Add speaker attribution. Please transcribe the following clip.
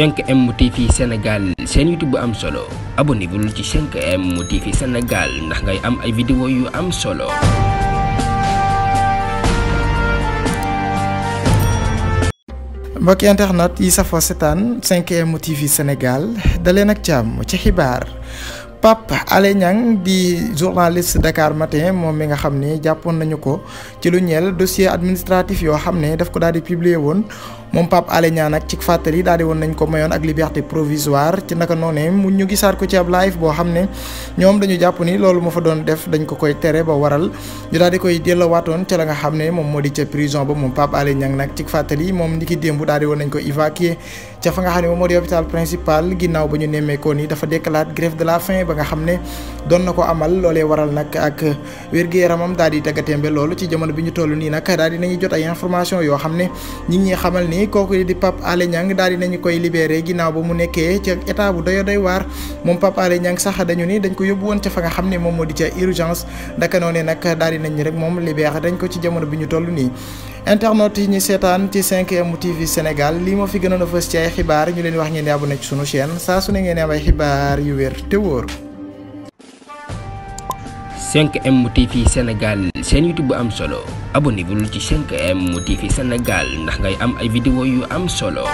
Speaker 1: 5M TV Sénégal seen YouTube bu am solo abonné bul ci 5M TV Sénégal ndax ngay am ay vidéo yu am solo.
Speaker 2: mbokki internet yi safoo setaan 5M TV Sénégal dalee nag jàmm ci xibaar. Pape Alé Niang di journaliste Dakar Matin moom mi nga xam ne jàppoon nañu ko ci lu ñeel dossier administratif yoo xam ne daf ko daal di publier woon moom Pape Alé Niang nag ci fàttali daal di woon nañ ko mayoon ak liberté provisoire ci naka noonee mu ñu gisaat ko ci ab live xam ne ñoom dañu jàpp ni loolu ma fa doon def dañ ko koy tere ba waral ñu daal di koy dellowaatoon ca nga xam ne moom moo di ca prison moom Pape Alé démb daal di woon nañ ko évacuer ca fa nga xam ne moom moo di hôpital principal ginnaaw ba ñu nemmeekoon ni dafa déclarer grève de la faim ba nga xam ne doon na ko amal loolee waral nag ak wér-gu-yaramam daal di taggatémbe loolu ci jamono bi ñu toll nii nag daal di nañu jot ay information yoo xam ne ñi ngi xamal ni kooku di Pape Alé Niang daal di nañu koy libéré ginnaaw ba mu nekkee ca état bu doyo doy waar moom Pape Alé Niang sax dañu ni dañ ko yóbbu woon ca fa nga xam ne moom moo di ca urgence daka noonee nag daal di nañ rek moom libéré dañ ko ci jamono bi ñu toll nii internet yi ñu seetaan ci 5M TV Sénégal lii moo fi gënoon a fës ci ay xibaar ñu leen wax ngeen di abonné ci sunu chaîne saa su
Speaker 1: 5M TV Sénégal seen YouTube bu am solo abonné bul ci 5M TV Sénégal ndax ngay am ay vidéo yu am solo